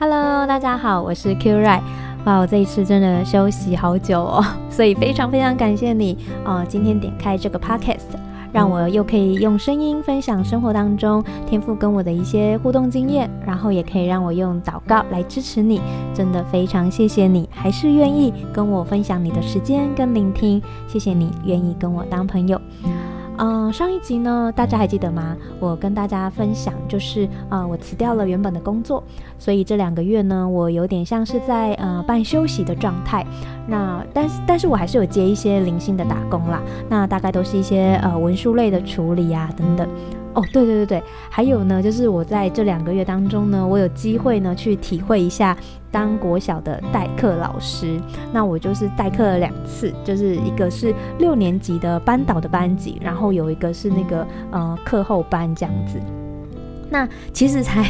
Hello，大家好，我是 Q Ray 哇，我、wow，這一次真的休息好久哦，所以非常非常感謝你哦、呃。今天點開這個 Podcast，讓我又可以用聲音分享生活當中天賦跟我的一些互動經驗，然後也可以讓我用禱告來支持你。真的非常謝謝你，還是願意跟我分享你的時間跟聆聽，謝謝你願意跟我當朋友。呃，上一集呢，大家還記得嗎？我跟大家分享，就是啊、呃，我辭掉了原本的工作，所以這兩個月呢，我有點像是在呃半休息的狀態。那但是，但是我還是有接一些零星的打工啦。那大概都是一些呃文書類的處理啊，等等。哦，對對對對，還有呢，就是我在這兩個月當中呢，我有機會呢去體會一下當國小的代課老師。那我就是代課了兩次，就是一個是六年級的班導的班級，然後有一個是那個呃課後班這樣子。那其實才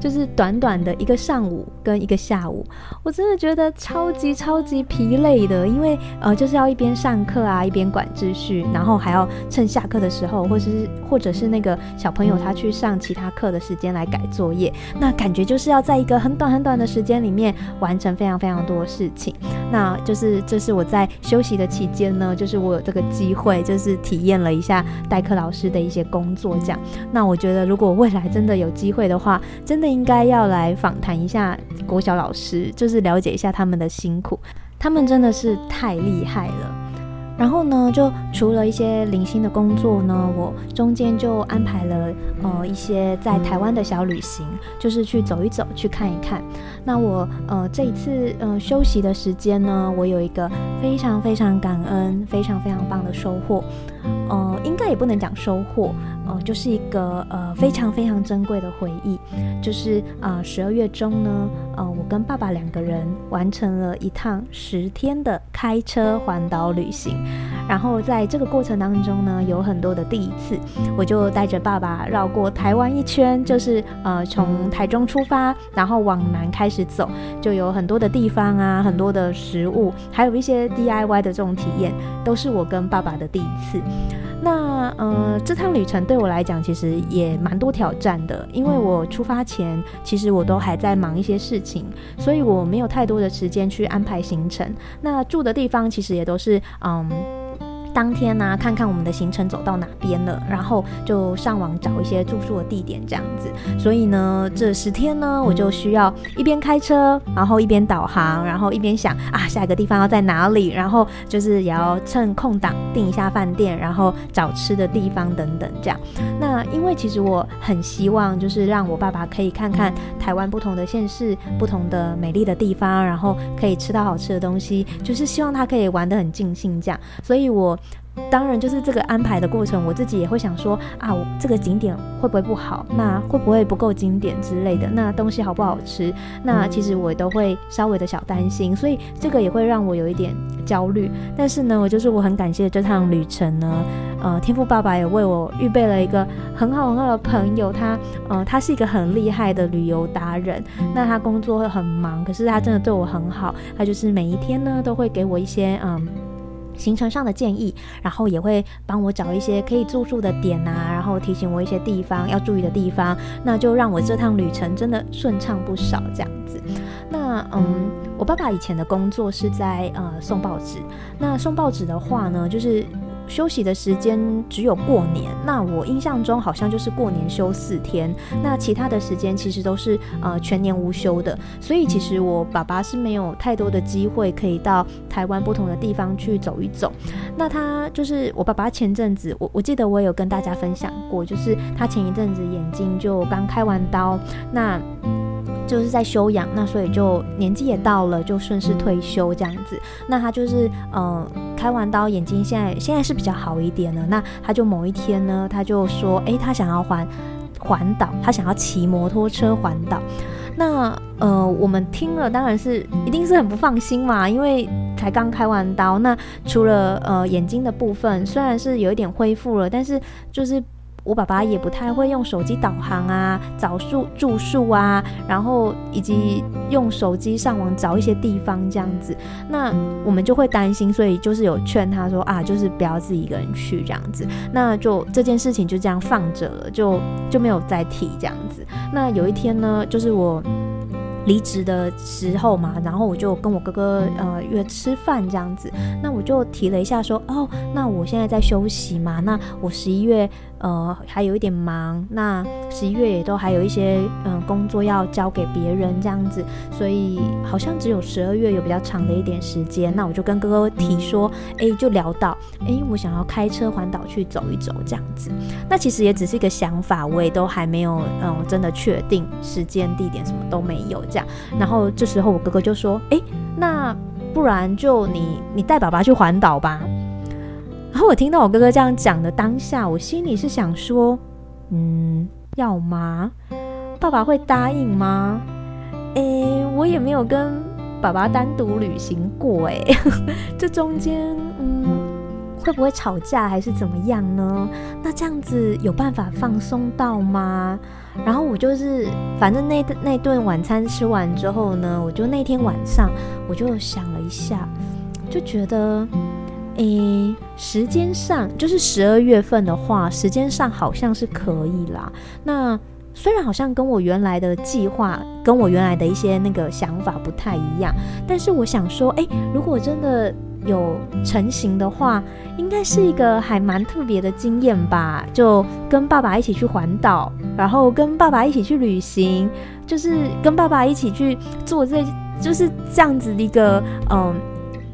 就是短短的一個上午跟一個下午，我真的覺得超級超級疲累的，因為呃就是要一邊上課啊，一邊管秩序，然後還要趁下課的時候，或者是或者是那個小朋友他去上其他課的時間來改作業，那感覺就是要在一個很短很短的時間裡面完成非常非常多的事情。那就是這是，就是我在休息的期間呢，就是我有這個機會，就是體驗了一下代課老師的一些工作這樣。那我覺得如果未來真的有機會的話，真的應該要來訪談一下國小老師，就是了解一下他們的辛苦，他們真的是太厲害了。然後呢，就除了一些零星的工作呢，我中間就安排了呃一些在台灣的小旅行，就是去走一走，去看一看。那我呃這一次呃休息的時間呢，我有一個非常非常感恩、非常非常棒的收穫，呃，應該也不能講收穫。哦，就是一個呃非常非常珍貴的回憶，就是啊十二月中呢，呃我跟爸爸兩個人完成了一趟十天的開車環島旅行，然後在這個過程當中呢，有很多的第一次，我就帶着爸爸繞過台灣一圈，就是呃從台中出發，然後往南開始走，就有很多的地方啊，很多的食物，還有一些 DIY 的這種體驗，都是我跟爸爸的第一次。那呃，這趟旅程對我來講其實也蠻多挑戰的，因為我出發前其實我都還在忙一些事情，所以我沒有太多的時間去安排行程。那住的地方其實也都是嗯。當天呢，啊，看看我們的行程走到哪邊了，然後就上網找一些住宿的地點這樣子。所以呢，這十天呢，我就需要一邊開車，然後一邊導航，然後一邊想啊，下一個地方要在哪裡，然後就是也要趁空檔訂一下飯店，然後找吃的地方等等這樣。那因為其實我很希望，就是讓我爸爸可以看看台灣不同的縣市、不同的美麗的地方，然後可以吃到好吃的東西，就是希望他可以玩得很盡興這樣。所以我。當然，就是這個安排的過程，我自己也會想說啊，我這個景點會不會不好？那會不會不夠經典之類的？那東西好不好吃？那其實我都會稍微的小擔心，所以這個也會讓我有一點焦慮。但是呢，我就是我很感謝這趟旅程呢，呃，天父爸爸也為我預備了一個很好很好的朋友，他呃，他是一個很厲害的旅遊達人。那他工作會很忙，可是他真的對我很好，他就是每一天呢都會給我一些嗯。行程上的建議，然後也會幫我找一些可以住宿的點啊，然後提醒我一些地方要注意的地方，那就讓我這趟旅程真的順暢不少這樣子。那嗯，我爸爸以前的工作是在呃送報紙，那送報紙的話呢，就是。休息的時間只有過年，那我印象中好像就是過年休四天，那其他的時間其實都是呃全年無休的，所以其實我爸爸是沒有太多的機會可以到台灣不同的地方去走一走。那他就是我爸爸前陣子，我我記得我有跟大家分享過，就是他前一陣子眼睛就剛開完刀，那。就是在休養，那所以就年紀也到了，就順勢退休這樣子。那他就是，呃，開完刀眼睛現在現在是比較好一點了。那他就某一天呢，他就說，哎、欸，他想要環環島，他想要騎摩托車環島。那，呃，我們聽了當然是一定是很不放心嘛，因為才剛開完刀。那除了，呃，眼睛的部分，雖然是有一點恢復了，但是就是。我爸爸也不太會用手機導航啊，找宿住宿啊，然後以及用手機上網找一些地方這樣子，那我們就會擔心，所以就是有勸他說啊，就是不要自己一個人去這樣子，那就這件事情就這樣放着了，就就沒有再提這樣子。那有一天呢，就是我離職的時候嘛，然後我就跟我哥哥呃約吃飯這樣子，那我就提了一下說哦，那我現在在休息嘛，那我十一月。呃，還有一點忙，那十一月也都還有一些嗯、呃、工作要交給別人這樣子，所以好像只有十二月有比較長的一點時間，那我就跟哥哥提說，哎、欸，就聊到，哎、欸，我想要開車環島去走一走這樣子，那其實也只是一個想法，我也都還沒有嗯真的確定時間、地點什麼都沒有這樣，然後這時候我哥哥就說，哎、欸，那不然就你你帶爸爸去環島吧。然後我聽到我哥哥這樣講的當下，我心裡是想說，嗯，要嗎？爸爸會答應嗎？誒，我也沒有跟爸爸單獨旅行過、欸，誒， 這中間，嗯，會不會吵架還是怎麼樣呢？那這樣子有辦法放鬆到嗎？然後我就是，反正那那頓晚餐吃完之後呢，我就那天晚上我就想了一下，就覺得。誒，時間上就是十二月份的話，時間上好像是可以啦。那雖然好像跟我原來的計劃，跟我原來的一些那個想法不太一樣，但是我想說，哎，如果真的有成型的話，應該是一個還蠻特別的經驗吧。就跟爸爸一起去環島，然後跟爸爸一起去旅行，就是跟爸爸一起去做這，就是這樣子的一個，嗯，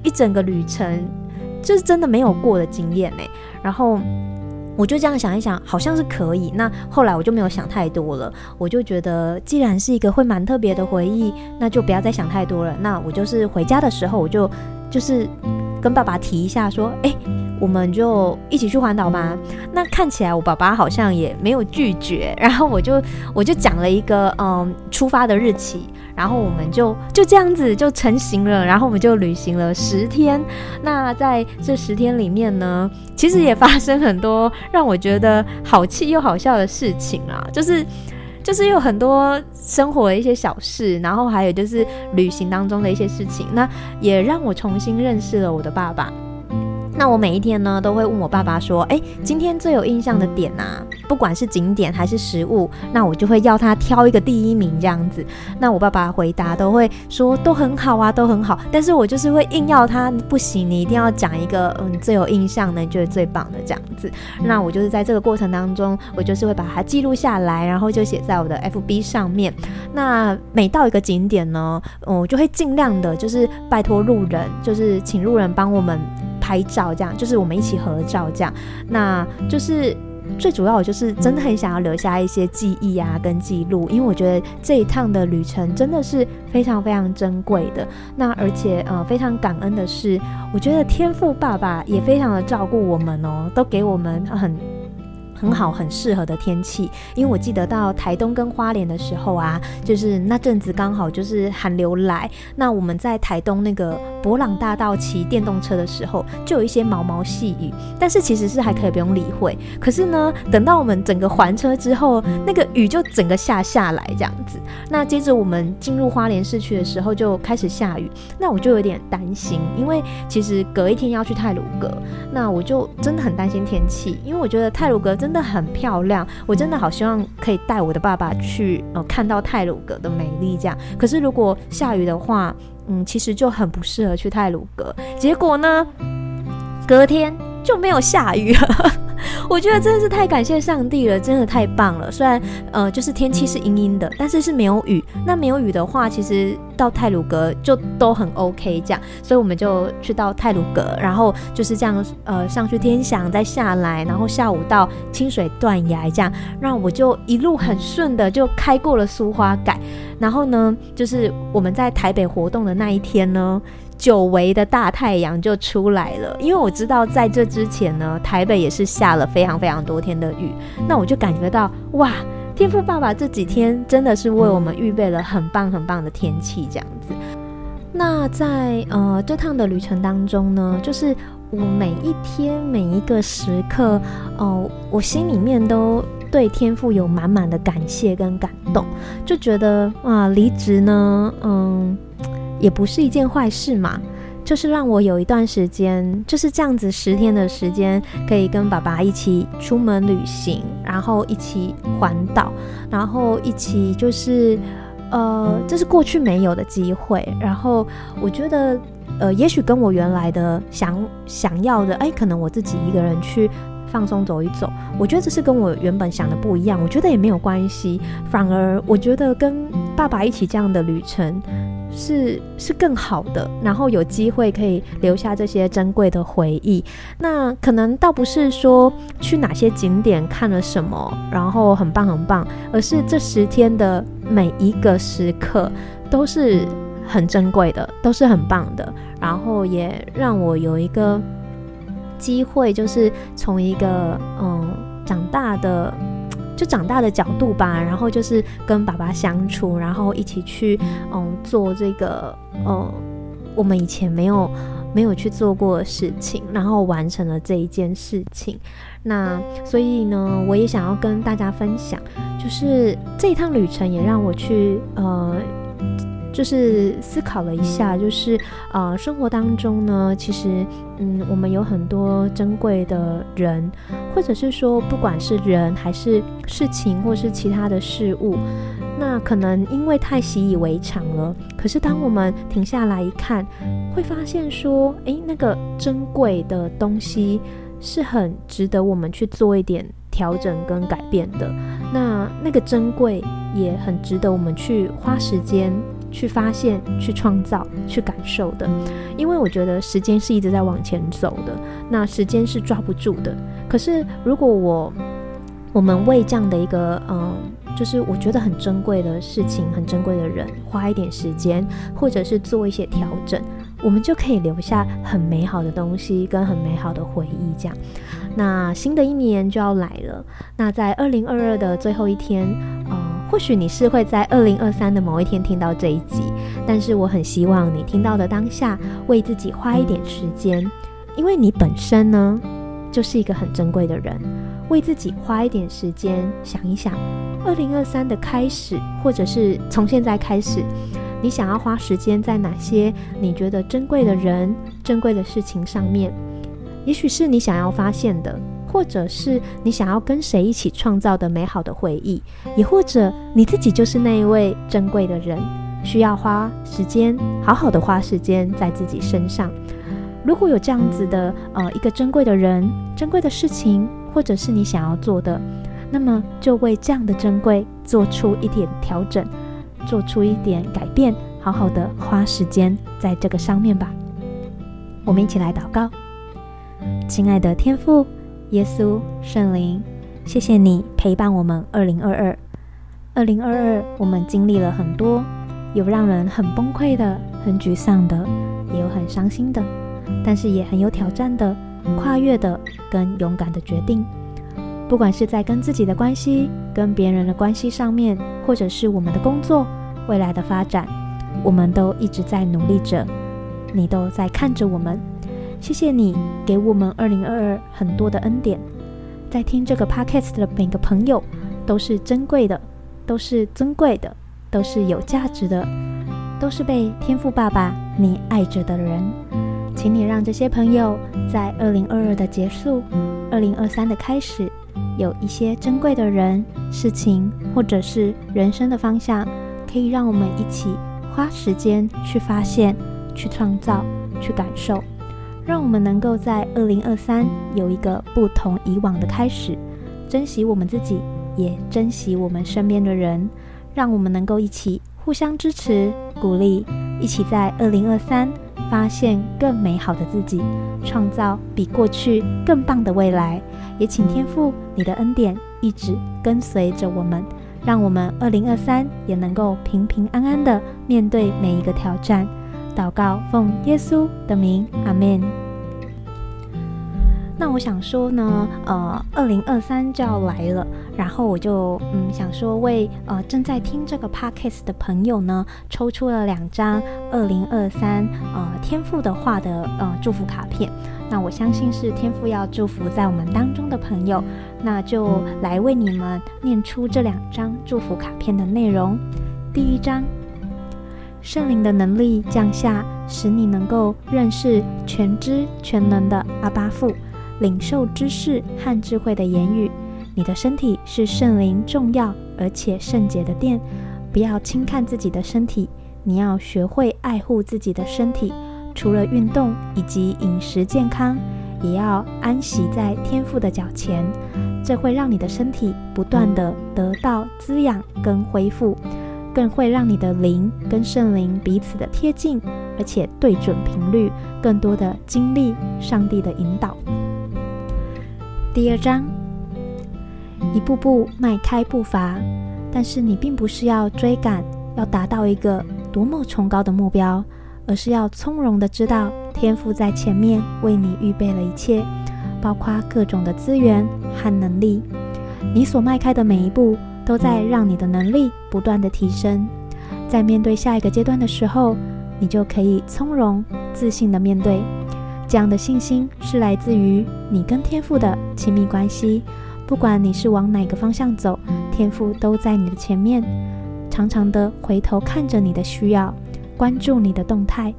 一整個旅程。就是真的沒有過的經驗欸，然後我就這樣想一想，好像是可以。那後來我就沒有想太多了，我就覺得既然是一個會蠻特別的回憶，那就不要再想太多了。那我就是回家的時候，我就就是跟爸爸提一下說，欸。我們就一起去環島吧。那看起來我爸爸好像也沒有拒絕，然後我就我就講了一個嗯出發的日期，然後我們就就這樣子就成行了。然後我們就旅行了十天。那在這十天裡面呢，其實也發生很多讓我覺得好氣又好笑的事情啊，就是就是有很多生活的一些小事，然後還有就是旅行當中的一些事情，那也讓我重新認識了我的爸爸。那我每一天呢，都會問我爸爸說：“哎，今天最有印象的點啊，不管是景點還是食物，那我就會要他挑一個第一名這樣子。”那我爸爸回答都會說：“都很好啊，都很好。”但是我就是會硬要他不行，你一定要講一個嗯最有印象的，你覺得最棒的這樣子。那我就是在這個過程當中，我就是會把它記錄下來，然後就寫在我的 FB 上面。那每到一個景點呢，嗯，我就會尽量的就是拜托路人，就是請路人幫我們。拍照這樣，就是我們一起合照這樣，那就是最主要，就是真的很想要留下一些記憶啊，跟記錄，因為我覺得這一趟的旅程真的是非常非常珍貴的。那而且呃，非常感恩的是，我覺得天父爸爸也非常的照顧我們哦，都給我們很。嗯很好，很適合的天氣，因為我記得到台東跟花蓮的時候啊，就是那陣子剛好就是寒流來，那我們在台東那個伯朗大道騎電動車的時候，就有一些毛毛細雨，但是其實是還可以不用理會。可是呢，等到我們整個還車之後，那個雨就整個下下來這樣子。那接着我們進入花蓮市區的時候就開始下雨，那我就有點擔心，因為其實隔一天要去太魯閣，那我就真的很擔心天氣，因為我覺得太魯閣真。真的很漂亮，我真的好希望可以帶我的爸爸去、呃、看到太魯閣的美麗。這樣，可是如果下雨的話，嗯，其實就很不適合去太魯閣。結果呢，隔天就沒有下雨了 我覺得真的是太感謝上帝了，真的太棒了。雖然呃，就是天氣是陰陰的，但是是沒有雨。那沒有雨的話，其實到太魯閣就都很 OK，這樣，所以我們就去到太魯閣，然後就是這樣呃上去天祥，再下來，然後下午到清水斷崖這樣。然後我就一路很順的就開過了蘇花改，然後呢，就是我們在台北活動的那一天呢。久違的大太陽就出來了，因為我知道在這之前呢，台北也是下了非常非常多天的雨。那我就感覺到哇，天父爸爸這幾天真的是為我們預備了很棒很棒的天氣，這樣子。那在呃這趟的旅程當中呢，就是我每一天每一個時刻，哦、呃，我心裡面都對天父有滿滿的感謝跟感動，就覺得哇，離、呃、職呢，嗯、呃。也不是一件壞事嘛，就是讓我有一段時間，就是這樣子十天的時間，可以跟爸爸一起出門旅行，然後一起環島，然後一起就是，呃，這是過去沒有的機會。然後我覺得，呃，也許跟我原來的想想要的，哎、欸，可能我自己一個人去放鬆走一走，我覺得這是跟我原本想的不一樣。我覺得也沒有關係，反而我覺得跟爸爸一起這樣的旅程，是是更好的。然後有機會可以留下這些珍貴的回憶。那可能倒不是說去哪些景點看了什麼，然後很棒很棒，而是這十天的每一個時刻都是很珍貴的，都是很棒的。然後也讓我有一個機會，就是從一個嗯長大的。就長大的角度吧，然後就是跟爸爸相處，然後一起去，嗯，做這個，嗯，呃，我們以前沒有沒有去做過的事情，然後完成了這一件事情。那所以呢，我也想要跟大家分享，就是這一趟旅程也讓我去，呃。就是思考了一下，就是呃，生活當中呢，其實嗯，我們有很多珍貴的人，或者是說，不管是人還是事情，或是其他的事物，那可能因為太習以為常了。可是當我們停下來一看，會發現說，誒，那個珍貴的東西是很值得我們去做一點調整跟改變的。那那個珍貴也很值得我們去花時間。去發現、去創造、去感受的，因為我覺得時間是一直在往前走的，那時間是抓不住的。可是如果我，我們為這樣的一個，嗯、呃，就是我覺得很珍貴的事情、很珍貴的人，花一點時間，或者是做一些調整，我們就可以留下很美好的東西跟很美好的回憶。這樣，那新的一年就要來了。那在二零二二的最後一天。或許你是會在二零二三的某一天聽到這一集，但是我很希望你聽到的當下，為自己花一點時間，因為你本身呢，就是一個很珍貴的人，為自己花一點時間想一想，二零二三的開始，或者是從現在開始，你想要花時間在哪些你覺得珍貴的人、珍貴的事情上面，也許是你想要發現的。或者是你想要跟誰一起創造的美好的回憶，也或者你自己就是那一位珍貴的人，需要花時間，好好的花時間在自己身上。如果有這樣子的呃一個珍貴的人、珍貴的事情，或者是你想要做的，那麼就為這樣的珍貴做出一點調整，做出一點改變，好好的花時間在這個上面吧。我們一起來禱告，親愛的天父。耶穌聖靈，謝謝你陪伴我們二零二二，二零二二，我們經歷了很多，有讓人很崩潰的、很沮喪的，也有很傷心的，但是也很有挑戰的、跨越的跟勇敢的決定。不管是在跟自己的關係、跟別人的關係上面，或者是我們的工作、未來的發展，我們都一直在努力着，你都在看着我們。謝謝你給我們二零二二很多的恩典。在聽這個 podcast 的每個朋友都是珍貴的，都是尊貴的，都是有價值的，都是被天父爸爸你愛着的人。請你讓這些朋友在二零二二的結束，二零二三的開始，有一些珍貴的人、事情或者是人生的方向，可以讓我們一起花時間去發現、去創造、去感受。讓我們能夠在二零二三有一個不同以往的開始，珍惜我們自己，也珍惜我們身邊的人，讓我們能夠一起互相支持、鼓勵，一起在二零二三發現更美好的自己，創造比過去更棒的未來。也請天父你的恩典一直跟隨着我們，讓我們二零二三也能夠平平安安的面對每一個挑戰。禱告，奉耶穌的名，阿門。那我想說呢，呃，二零二三就要來了，然後我就嗯想說為呃正在聽這個 podcast 的朋友呢，抽出了兩張二零二三呃天父的話的呃祝福卡片。那我相信是天父要祝福在我們當中的朋友，那就來為你們念出這兩張祝福卡片的內容。第一張。聖靈的能力降下，使你能夠認識全知全能的阿爸父，領受知識和智慧的言語。你的身體是聖靈重要而且聖潔的殿，不要輕看自己的身體，你要學會愛護自己的身體。除了運動以及飲食健康，也要安息在天父的腳前，這會讓你的身體不斷地得到滋養跟恢復。更會讓你的靈跟聖靈彼此的貼近，而且對準頻率，更多的經歷上帝的引導。第二章，一步步邁開步伐，但是你並不是要追趕，要達到一個多麼崇高的目標，而是要從容的知道，天父在前面為你預備了一切，包括各種的資源和能力。你所邁開的每一步。都在讓你的能力不斷的提升，在面對下一個階段的時候，你就可以從容自信的面對。這樣的信心是來自於你跟天父的親密關係。不管你是往哪個方向走，天父都在你的前面，常常的回頭看着你的需要，關注你的動態，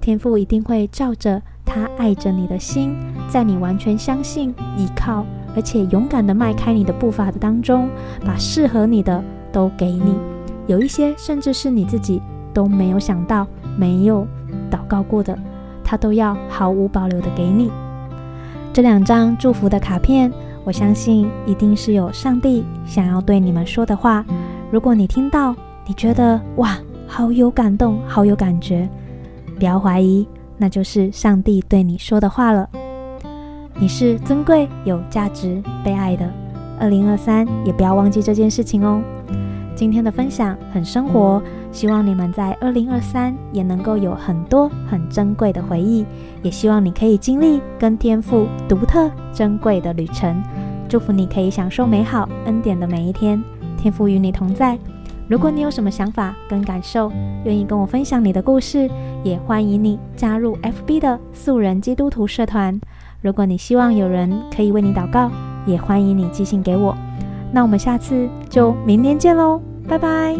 天父一定會照着他愛着你的心，在你完全相信、依靠。而且勇敢的邁開你的步伐的當中，把適合你的都給你，有一些甚至是你自己都沒有想到、沒有禱告過的，他都要毫無保留的給你。這兩張祝福的卡片，我相信一定是有上帝想要對你們說的話。如果你聽到，你覺得哇，好有感動，好有感覺，不要懷疑，那就是上帝對你說的話了。你是尊貴、有價值、被愛的。二零二三也不要忘記這件事情哦。今天的分享很生活，希望你們在二零二三也能夠有很多很珍貴的回憶。也希望你可以經歷跟天父、獨特、珍貴的旅程。祝福你可以享受美好恩典的每一天，天父與你同在。如果你有什麼想法跟感受，願意跟我分享你的故事，也歡迎你加入 FB 的素人基督徒社團。如果你希望有人可以為你禱告，也歡迎你寄信給我。那我們下次就明年見嘍，拜拜。